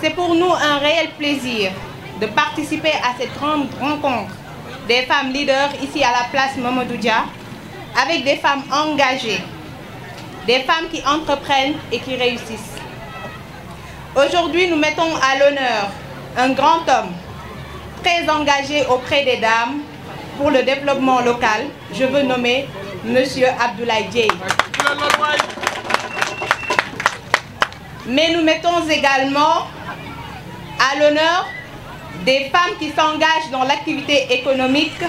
C'est pour nous un réel plaisir de participer à cette grande rencontre des femmes leaders ici à la place Mamadou avec des femmes engagées, des femmes qui entreprennent et qui réussissent. Aujourd'hui, nous mettons à l'honneur un grand homme très engagé auprès des dames pour le développement local, je veux nommer Monsieur Abdoulaye Dieye. Mais nous mettons également à l'honneur des femmes qui s'engagent dans l'activité économique,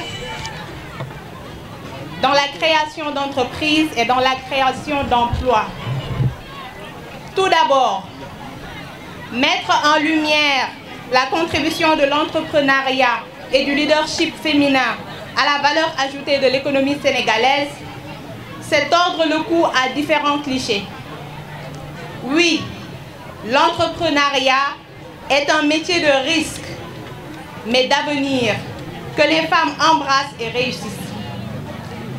dans la création d'entreprises et dans la création d'emplois. Tout d'abord, mettre en lumière la contribution de l'entrepreneuriat et du leadership féminin à la valeur ajoutée de l'économie sénégalaise, cet ordre le coup à différents clichés. Oui, l'entrepreneuriat est un métier de risque, mais d'avenir, que les femmes embrassent et réussissent.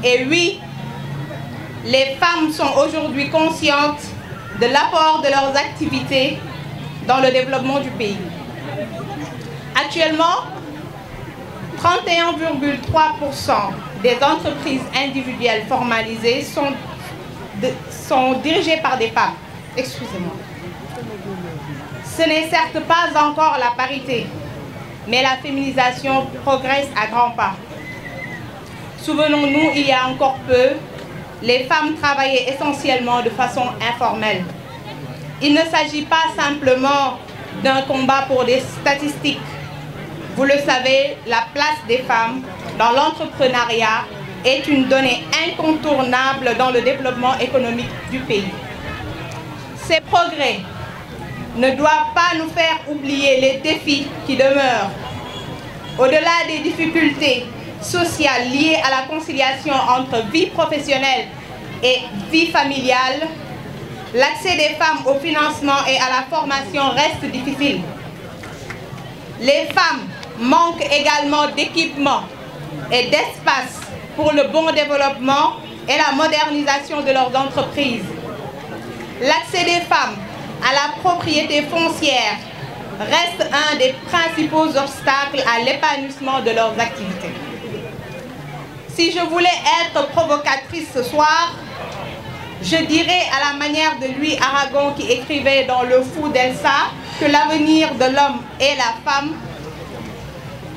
Et oui, les femmes sont aujourd'hui conscientes de l'apport de leurs activités dans le développement du pays. Actuellement, 31,3% des entreprises individuelles formalisées sont, de, sont dirigées par des femmes. Excusez-moi. Ce n'est certes pas encore la parité, mais la féminisation progresse à grands pas. Souvenons-nous, il y a encore peu, les femmes travaillaient essentiellement de façon informelle. Il ne s'agit pas simplement d'un combat pour des statistiques. Vous le savez, la place des femmes dans l'entrepreneuriat est une donnée incontournable dans le développement économique du pays. Ces progrès ne doivent pas nous faire oublier les défis qui demeurent. Au-delà des difficultés sociales liées à la conciliation entre vie professionnelle et vie familiale, l'accès des femmes au financement et à la formation reste difficile. Les femmes manquent également d'équipements et d'espace pour le bon développement et la modernisation de leurs entreprises. L'accès des femmes à la propriété foncière reste un des principaux obstacles à l'épanouissement de leurs activités. Si je voulais être provocatrice ce soir, Je dirais à la manière de Louis Aragon qui écrivait dans Le Fou d'Elsa que l'avenir de l'homme est la femme,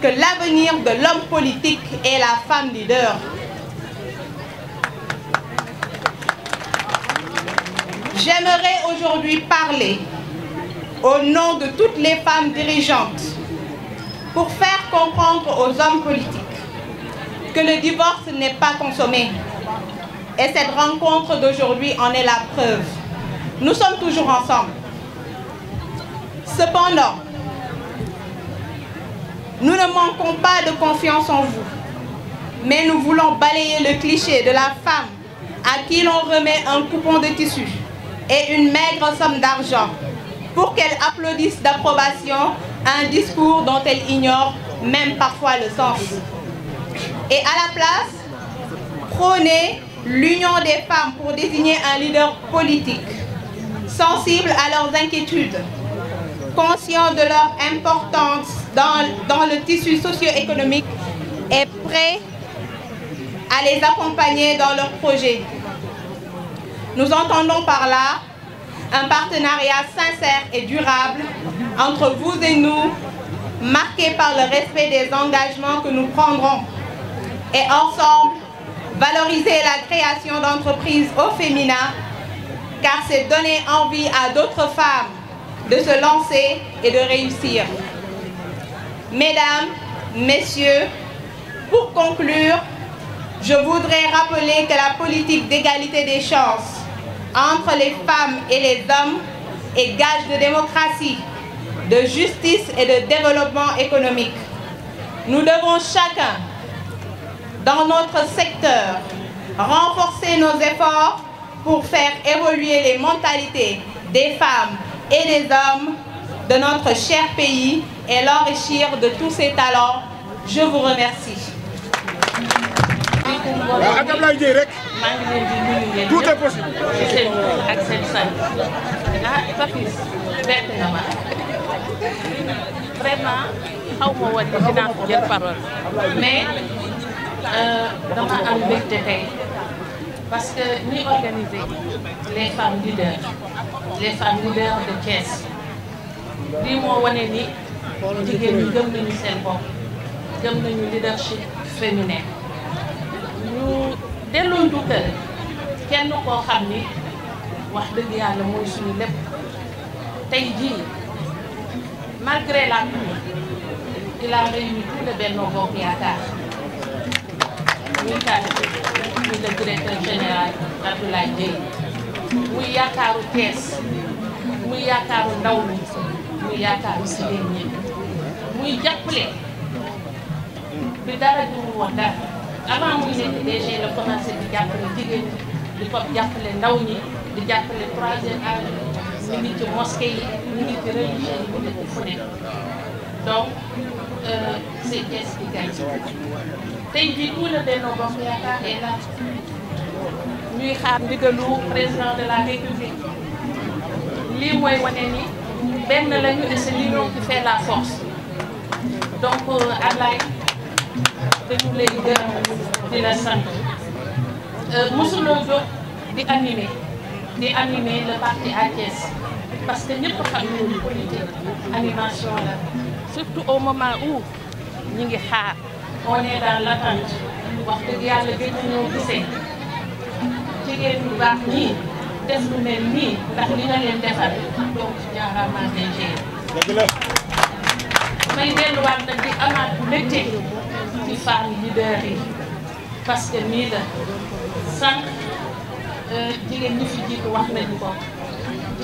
que l'avenir de l'homme politique est la femme leader. J'aimerais aujourd'hui parler au nom de toutes les femmes dirigeantes pour faire comprendre aux hommes politiques que le divorce n'est pas consommé, Et cette rencontre d'aujourd'hui en est la preuve. Nous sommes toujours ensemble. Cependant, nous ne manquons pas de confiance en vous, mais nous voulons balayer le cliché de la femme à qui l'on remet un coupon de tissu et une maigre somme d'argent pour qu'elle applaudisse d'approbation un discours dont elle ignore même parfois le sens. Et à la place, l'union des femmes pour désigner un leader politique, sensible à leurs inquiétudes, conscient de leur importance dans, dans le tissu socio-économique et prêt à les accompagner dans leurs projets. Nous entendons par là un partenariat sincère et durable entre vous et nous, marqué par le respect des engagements que nous prendrons. Et ensemble, valoriser la création d'entreprises au féminin, car c'est donner envie à d'autres femmes de se lancer et de réussir. Mesdames, Messieurs, pour conclure, je voudrais rappeler que la politique d'égalité des chances entre les femmes et les hommes est gage de démocratie, de justice et de développement économique. Nous devons chacun dans notre secteur, renforcer nos efforts pour faire évoluer les mentalités des femmes et des hommes de notre cher pays et l'enrichir de tous ses talents. Je vous remercie. Ah, ah, mais. Euh, dama am mbégte tey parce que ñuy organiser les femmes leaders les femmes leaders de Thiès lii moo wane ni jigéen ñi gëm nañu seen bopp gëm nañu leadership féminin ñu delloo njukkal kenn koo xam ni wax dëgg yàlla mooy suñu lépp tey jii malgré la pluie il a réuni tout le Benno Bokk Yaakaar Moussa muy le directeur général Abdoulaye Dièye muy yaakaaru Thiès muy yaakaaru ndaw mi muy yaakaaru si leen ñi muy jàppale bi dara jumul woon dara avant muy nekk DG la commencé di jàppale jigéen ñi di ko jàppale ndaw ñi di jàppale troisième âge mi ngi ci mosquée yi mi ci religieux yi mu ngi ci fu nekk donc c'est Thiès bi gañ tey jii tout le Benno Bokk Yaakaar est ñuy xaar ndigalu président de la république lii mooy wane ni benn lañu et c'est l'union qui fait la force donc euh, Ablaye dañu lay gërëm di la sant euh, mosuloo jóg di animer di animer le parti à parce que ñëpp xam nañu politique animation la surtout au moment où ñi ngi xaar. on est dans l'attente wax dëgg yàlla gëj ñoo gisee jigéen ñu baax ñii def lu mel nii ndax li nga leen defal donc jaaraama DG. dëgg la. may amaat mbégte ci femme leader yi parce nii la sànq euh, jigéen ñi fi jiitu wax nañu ko.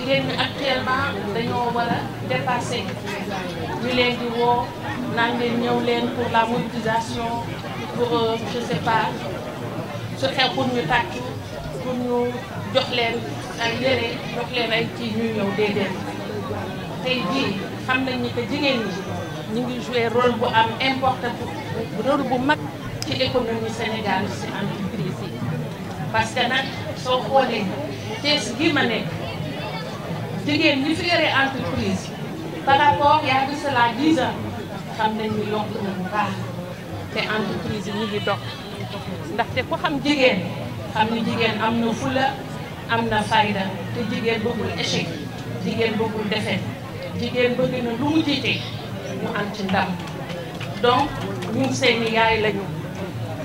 jigéen ñi actuellement dañoo war a dépassé ñu leen di woo naan leen ñëw leen pour la mobilisation pour euh, je sais su xew pour ñu tàkk pour ñu jox leen ay yére jox leen ay ci ñuy ñëw déedéet tey jii xam nañ ni que jigéen ñi ñu ngi joué rôle bu am important rôle bu mag ci économie Sénégal ci entreprise yi parce que nag soo xoolee Thiès gi ma nekk. jigéen ñi fi yore entreprise par rapport yaa ngi cela 10 ans xam nañ ni na bu baax te entreprise yi ngi dox ndaxte ku xam jigéen xam ni jigéen am na fula am na fayda te jigéen bëggul échec jigéen bëggul défaite jigéen bëgg na lu mu jiite ñu am ci ndam donc ñun seeni yaay lañu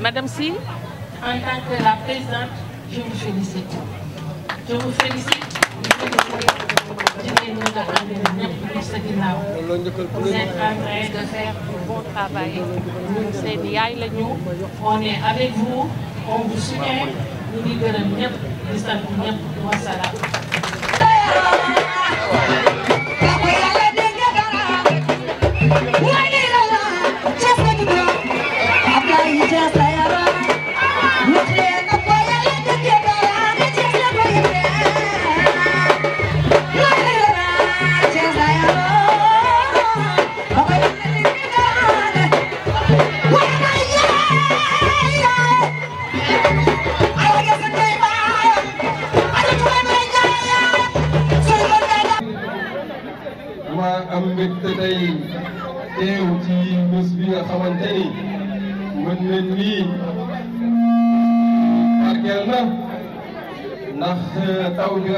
madame en tant que la présidente je vous félicite je jigéen ñi nga xam ne ñëpp ñu sa ginnaaw. vous êtes en train de faire un bon travail. ñun seen yaay la ñu. on est avec vous. on vous soutient. ñu ngi gërëm ñëpp di sant ñëpp wasalaam. Woo!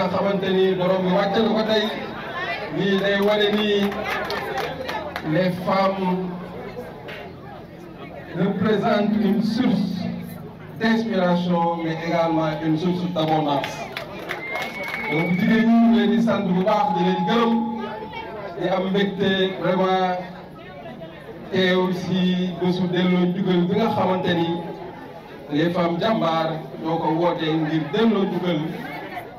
nga xamante ni borom bi wàcce na ko tey lii day wane ni les femmes représentent une source d'inspiration mais également une source d'abondance donc jigéen ñi ñu leen di sant bu baax di leen gërëm di am mbégte vraiment teew si bésu delloo njugal nga xamante ni les femmes jàmbaar ñoo ko wootee ngir delloo njugal.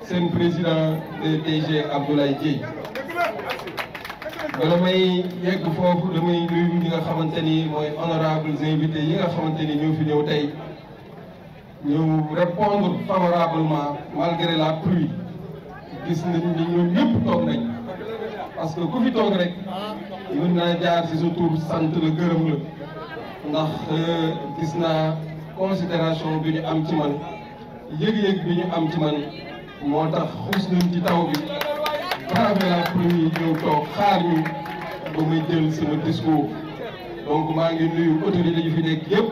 seen président de DG Abdoulaye Dièye bala may yegg foofu damay nuyu ñi nga xamante ni mooy honorables invités yi nga xamante ni fi ñëw tey ñëw répondre favorablement malgré la pluie gis nañ ni ñoom ñëpp toog nañ parce que ku fi toog rek mën naa jaar ci sa tur sant la gërëm la ndax euh, gis naa considération bi ñu am ci man yëg-yëg bi ñu am ci man moo tax xus nañ ci taw bi caravelle premier ñëw toog xaar ñu ba muy jël sama discours donc maa ngi nuyu autorités yi fi nekk yëpp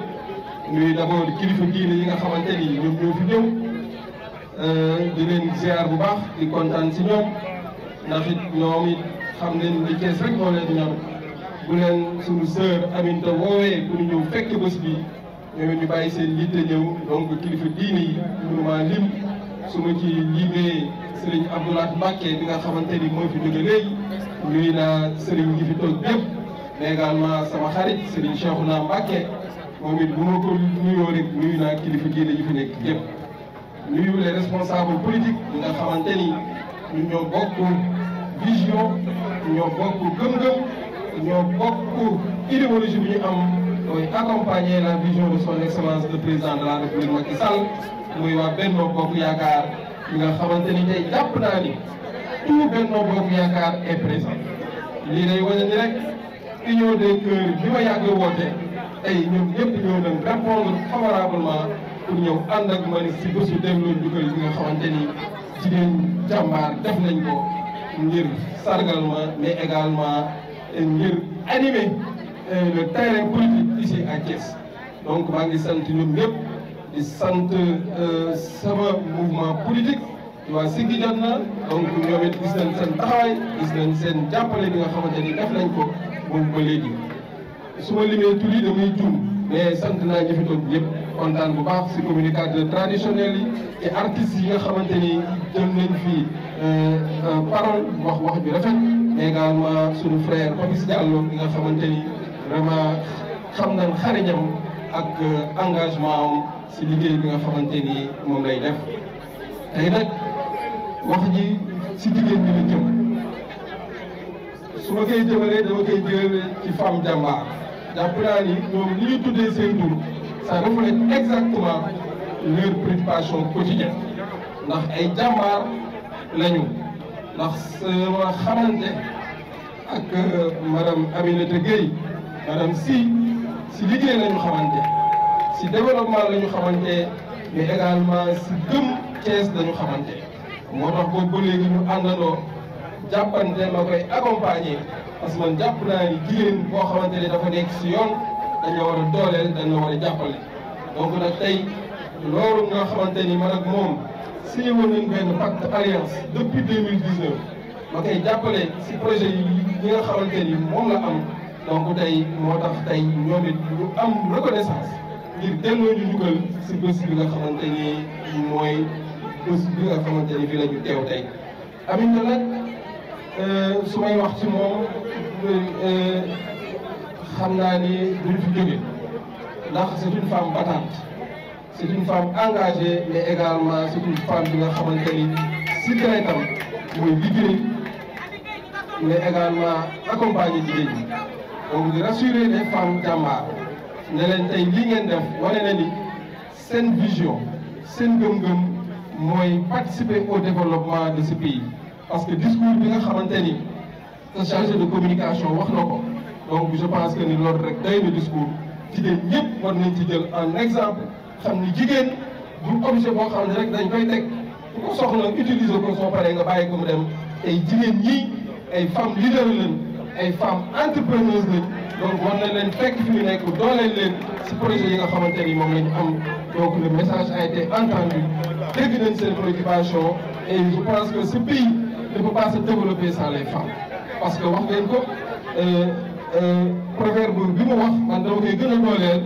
nuyu d'abord kilifa diine yi nga xamante ni ñoom euh, di leen ziar bu baax di kontaan si ñoom ndax it ñoom it rek moo leen ñor bu leen suñu sœur Aminta woowee pour ñu ñëw fekk bés bi ñoom ñu bàyyi seen yitte ñëw donc kilifa diine yi mënumaa lim. su ma ci limee Serigne Abdoulaye Mbacké bi nga xamante ni mooy fi jóge léegi nuyu naa Serigne gi fi toog sama xarit Serigne Cheikhouna na moom it bu ma ko nuyoo rek nuyu naa kilifa diine yi fi nekk yëpp nuyu les responsables politiques yi nga xamante ni ñu ñoo bokk vision ñoo bokk gëm-gëm ñoo bokk idéologie bi ñu am mooy accompagner la vision de son excellence le président de la république Macky Sall muy waa Benno Bokk Yaakaar yi nga xamante ni tey jàpp naa ni tout Benno Bokk Yaakaar est présent lii day wane ni rek union des cœurs bi ma yàgg woote tey ñoom ñëpp ñoo doon répondre favorablement pour ñëw ànd ak man si bésu delloo njukkal bi nga xamante ni jigéen jàmbaar def nañ ko ngir sargal ma mais également ngir animer euh, le terrain politique ici à Thiès donc maa ngi sant ñoom ñëpp. sant euh, sama mouvement politique waa Siggi jot na donc ñoom it gis na seen taxawaay gis nañ seen jàppale bi nga xamante ni def nañ ko boobu ba léegi su ma limee tur yi damay juum mais sant naa ñi fi toog yëpp kontaan bu baax si communicateurs traditionnels yi et artistes yi nga xamante ni jëm nañ fi euh, parole wax wax bi rafet mais sunu suñu frère Papis Diallo bi nga xamante ni vraiment xam nañ xariñam ak euh, engagement am si liggéey bi nga xamante ni moom lay def tey nag wax ji si jigéen ñi la jëm su ma koy jëmalee dama koy jëmale ci femme jàmbaar jàpp naa ni ñoom li ñu tuddee seen tur ça reflète exactement leur préoccupation quotidienne ndax ay jàmbaar lañu ndax sama xamante ak euh, madame Aminata Gueye madame Sy si liggéey la ñu si développement la ñu xamante mais également si gëm Thiès la ñu xamante moo tax boobu ba léegi ñu àndandoo jàppante ma koy accompagner parce que man jàpp naa ni jigéen boo xamante ne dafa nekk si yoon dañoo war dooleel dañ la war a jàppale donc nag tey loolu nga xamante ni man ak moom signé woon nañ benn pacte alliance depuis 2019 ma koy jàppale si projet yi yi nga xamante ni moom la am donc tey moo tax tey ñoom it am reconnaissance ngir delloo ñu dugal si bés bi nga xamante ni mooy bés bi nga xamante ni fii la ñu teew tey. Aminta nag euh, su may wax ci moom euh, xam naa ni duñ fi ndax c'est une femme battante c'est une femme engagée mais également c'est une bi nga xamante ni si traité am mooy liggéey mais également accompagner jigéen ñi. donc di rassurer les femmes jàmbaar ne leen tey li ngeen def wane na ni seen vision seen gëm-gëm mooy participer au développement de ce pays parce que discours bi nga xamante ni sa chargé de communication wax na ko donc je pense que ni lool rek day na discours jigéen ñëpp war nañ ci jël en exemple xam ni jigéen du objet boo xam ne rek dañ koy teg ku ko soxla utiliser ko soo paree nga bàyyi ko mu dem ay jigéen ñi ay femmes leader lañ ay femmes entrepreneuses lañ donc war nañ leen fekk fi ñu nekk dooleel leen si projet yi nga xamante ni moom la ñu am donc le message a été entendu dégg nañ seen préoccupation et je pense que ce pays ne peut pas se développer sans les femmes parce que wax ngeen ko euh, euh, proverbe bi mu on man dama koy gën a dooleel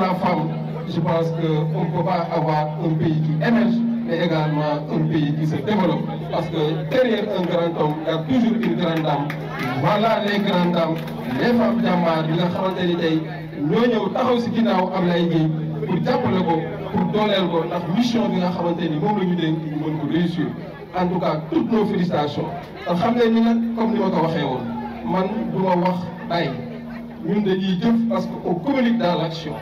la femme je pense que on ne peut pas avoir un pays qui émerge mais également un pays parce que derrière un grand homme il y a toujours une grande voilà laa grandes dames les femmes jàmbaar bi nga xamante ni tey ñoo ñëw taxaw si am Ablaye Gueye pour jàppale ko pour dooleel ko ndax mission bi nga xamante ni moom la ñu dénk ñu mën ko réussir en tout cas toutes nos te xam ne ni nag comme ni ko waxee woon man du ma wax bàyyi ñun dañuy jëf parce que on communique dans action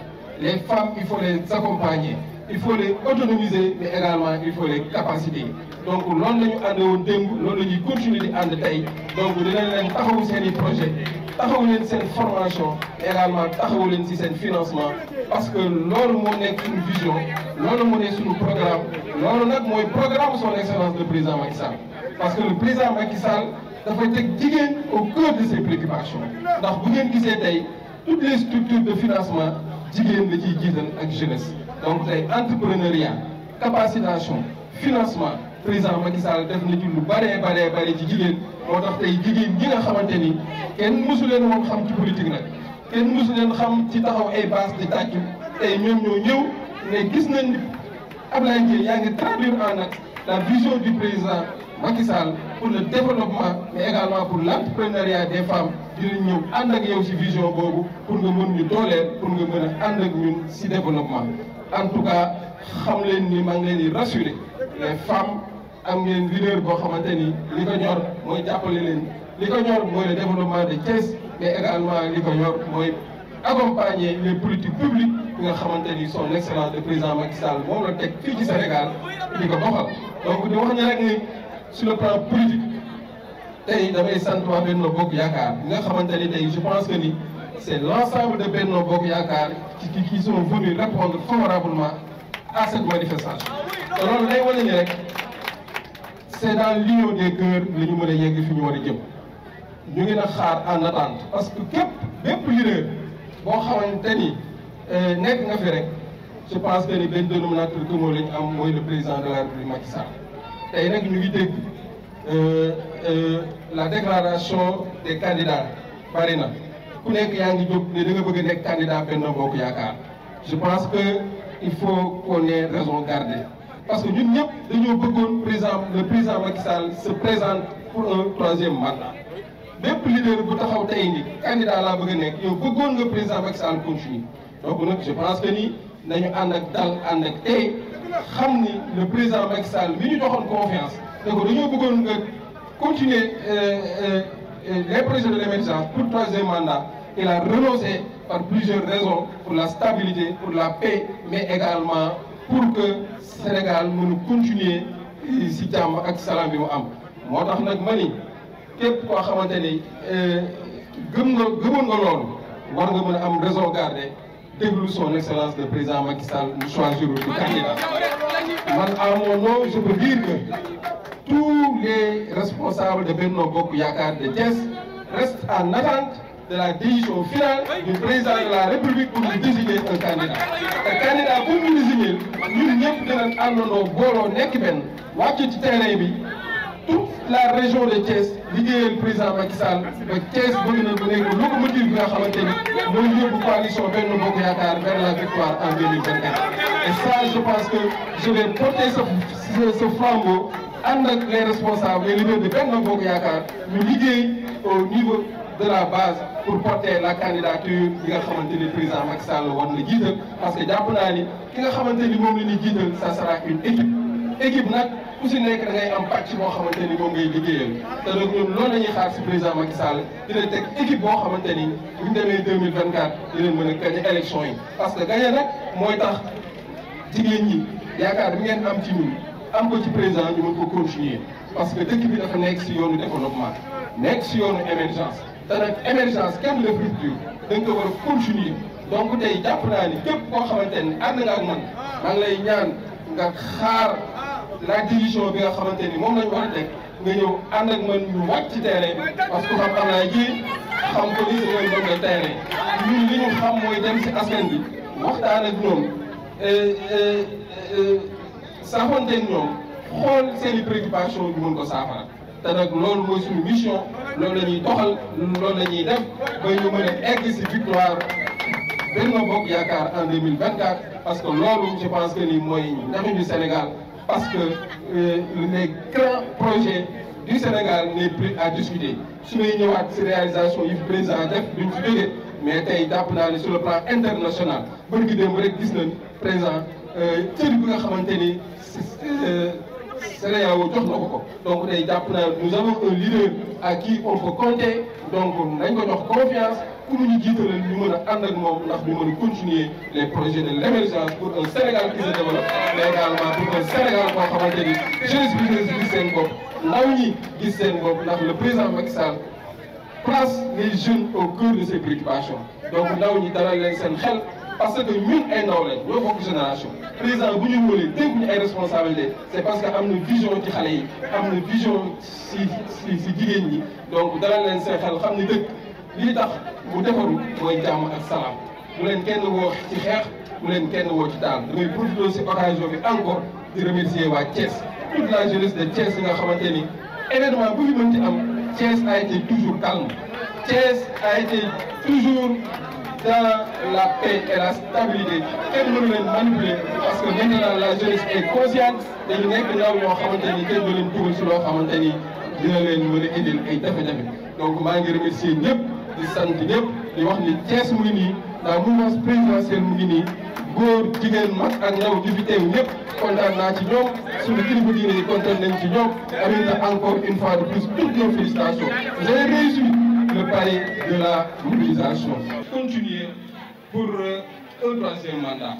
les femmes il faut les accompagner il faut les autonomiser mais également il faut les capaciter donc loolu la ñu ànd woon démb loolu la ñuy continuer di ànd tey donc dinañ leen taxawu seen projet taxawu leen seen formation également taxawu leen si seen financement parce que loolu moo nekk suñu vision loolu moo nekk suñu programme loolu nag mooy programme soon excellence le président Macky Sall parce que le président Macky Sall dafay teg jigéen au cœur de ses ndax bu ngeen gisee tey toutes les structures de financement jigéen la ciy jiital ak jeunesse donc tey entrepreneuriat capacitation financement président Macky Sall def na ci lu baree baree bëri ci jigéen moo tax tey jigéen ñi nga xamante ni kenn mësu leen woon xam ci politique nag kenn mësu leen xam ci taxaw ay base di tàccu tey ñoom ñoo ñëw ne gis nañ ni Ablaye Dieng yaa ngi traduire en acte la vision du président Macky Sall pour le développement mais également pour la l'entrepreneuriat des femmes dinañ ñëw ànd ak yow ci vision boobu pour nga mën ñu dooleel pour nga mën a ànd ak ñun ci développement. en tout cas xam leen ni maa ngi leen di rassurer les femmes am ngeen leader boo xamante ni li ko ñor mooy jàppale leen li ko ñor mooy le développement de Thiès mais également li ko ñor mooy accompagner les politiques publiques yi nga xamante ni son excellence le président Macky Sall moom la teg fii ci Sénégal di ko doxal donc di wax ñu rek ni sur le plan politique tey damay sant waa Benno Bokk Yaakaar nga xamante ni tey je pense que ni c'est l'ensemble de Benno Bokk Yaakaar qui, qui, sont venus répondre favorablement à cette manifestation. Alors, c'est a l'union des cœurs que nous avons fait nous Nous sommes en attente. Parce que tout leader, euh, je pense que les deux nominateurs que nous avons, le président de la République Macky Sall. Et nous avons la déclaration des candidats, Barina. ku nekk yaa ngi jóg ne da nga bëgg a nekk candidat Benno Bokk Yaakaar je pense que il faut qu'on ait raison garder parce que ñun ñëpp dañoo bëggoon président le président Macky Sall se présente pour un troisième mandat bépp leader bu taxaw tey ni candidat laa bëgg a nekk yow bëggoon nga président Macky Sall continue donc nag je pense que ni nañu ànd ak dal ak xam ni le président Macky Sall mi ñu joxoon confiance te dañoo bëggoon nga continuer euh, euh, euh, les projets de l'émergence pour troisième mandat il a renoncé par plusieurs raisons pour la stabilité, pour la paix, mais également pour que Sénégal mënu continuer euh, si jàmm ak salaam bi mu am. moo tax nag ma ni képp koo xamante ni euh, gëm nga gëmoon nga loolu war mën am raison garder déglu son excellence le président Macky Sall mu choisir le candidat man à mon nom je tous les responsables de Benno Bokk Yaakaar de Thiès restent en attente. de la décision finale du président de la République pour ñu désigner un candidat te candidat bu ñu désigner ñun ñëpp dinañ àndandoo booloo nekk benn terrain bi toute la région de Thiès liggéeyal président Macky Sall ba Thiès bëgg na mu nekk locomotive bi nga xamante ni mooy yóbbu coalition Benno Bokk Yaakaar vers la victoire en 2024 et ça je pense que je vais porter ce ce flambeau ànd ak les responsables les leaders de Benno Bokk Yaakaar ñu liggéey au niveau de la base pour porter la candidature bi nga xamante ni président Macky Sall war na jiital parce que jàpp naa ni ki nga xamante ni moom la ñuy jiital ça sera une équipe équipe nag ku si nekk da am pàcc moo xamante ni moom ngay liggéeyal te donc ñun loolu la ñuy xaar si président Macky Sall dina teg équipe boo xamante ni bu ñu demee 2024 dinañ mën a gagné élection yi parce que gagné nag mooy tax jigéen ñi yaakaar bi ngeen am ci ñun am ko ci président ñu mën ko continuer parce que dëkk nekk si yoonu développement nekk si yoonu émergence te nag émergence kenn la rupture dañ ko war a continuer donc tey jàpp naa ni képp koo xamante ni ànd nga ak man maa lay ñaan nga xaar la division bi nga xamante ni moom la ñu war nga ñëw ànd ak man ñu wàcc ci terrain parce que xam-xam naa ji xam ko lii si mooy doon la terrain ñun li ñu xam mooy dem si askan bi waxtaan ak ñoom euh, euh, euh, saafonte ñoom xool seen i préoccupation ñu mën ko saafara. te nag loolu mooy suñu mission loolu la ñuy doxal loolu la ñuy def ba ñu mën a egg si victoire Benno Bokk Yaakaar en 2024 parce que loolu je pense que ni mooy njariñu Sénégal parce que euh, les grands projet du Sénégal n'est plus à discuter su ñuy ñëwaat si réalisation yi fi président def duñ fi jógee mais tey jàpp naa ne sur le plan international bërgi démb rek gis nañ président euh, cër bi nga xamante ni CEDEAO jox na ko ko donc tey jàpp naa nous avons un leader à qui on peut compter donc nañ ko jox confiance pour ñu jiitalal ñu mën a ànd ak moom ndax ñu mën a continuer les projets de l'émergence pour un Sénégal qui se développe mais également pour un Sénégal koo xamante ni jeunesse bi gis seen bopp ndaw ñi gis seen bopp ndax le président Macky Sall place les jeunes au cœur de ses préoccupations donc ndaw ñi dalal leen seen xel. parce que ñun ay ndaw lañ ñoo bokk génération président bu ñu wóolee dégg ñu ay responsabilité c'est parce que am na vision ci xale yi am na vision si si si jigéen ñi donc dalal leen seen xel xam ne dëkk lii tax mu defaru mooy jàmm ak salaam bu leen kenn woo ci xeex bu leen kenn woo ci daal damay profité si occasion bi encore di remercier waa Thiès toute la jeunesse de Thiès nga xamante ni événement bu fi mën am Thiès a été toujours calme Thiès a été toujours dans la paix et la stabilité kenn mënu leen parce que maintenant la jeunesse est consciente dañu nekk ndaw xamante ni kenn du leen si loo xamante ni dina leen mën a indil ay jafe-jafe donc maa ngi remercier ñëpp di sant ñëpp di wax ni Thiès mu ngi nii la mouvance présidentielle mu ngi nii góor jigéen mag ak ndaw di fi teew ñëpp kontaan naa ci ñoom suñu kilifa diine yi kontaan nañ ci ñoom amit encore une fois de plus toutes nos félicitations vous avez continuer pour euh, un troisième mandat.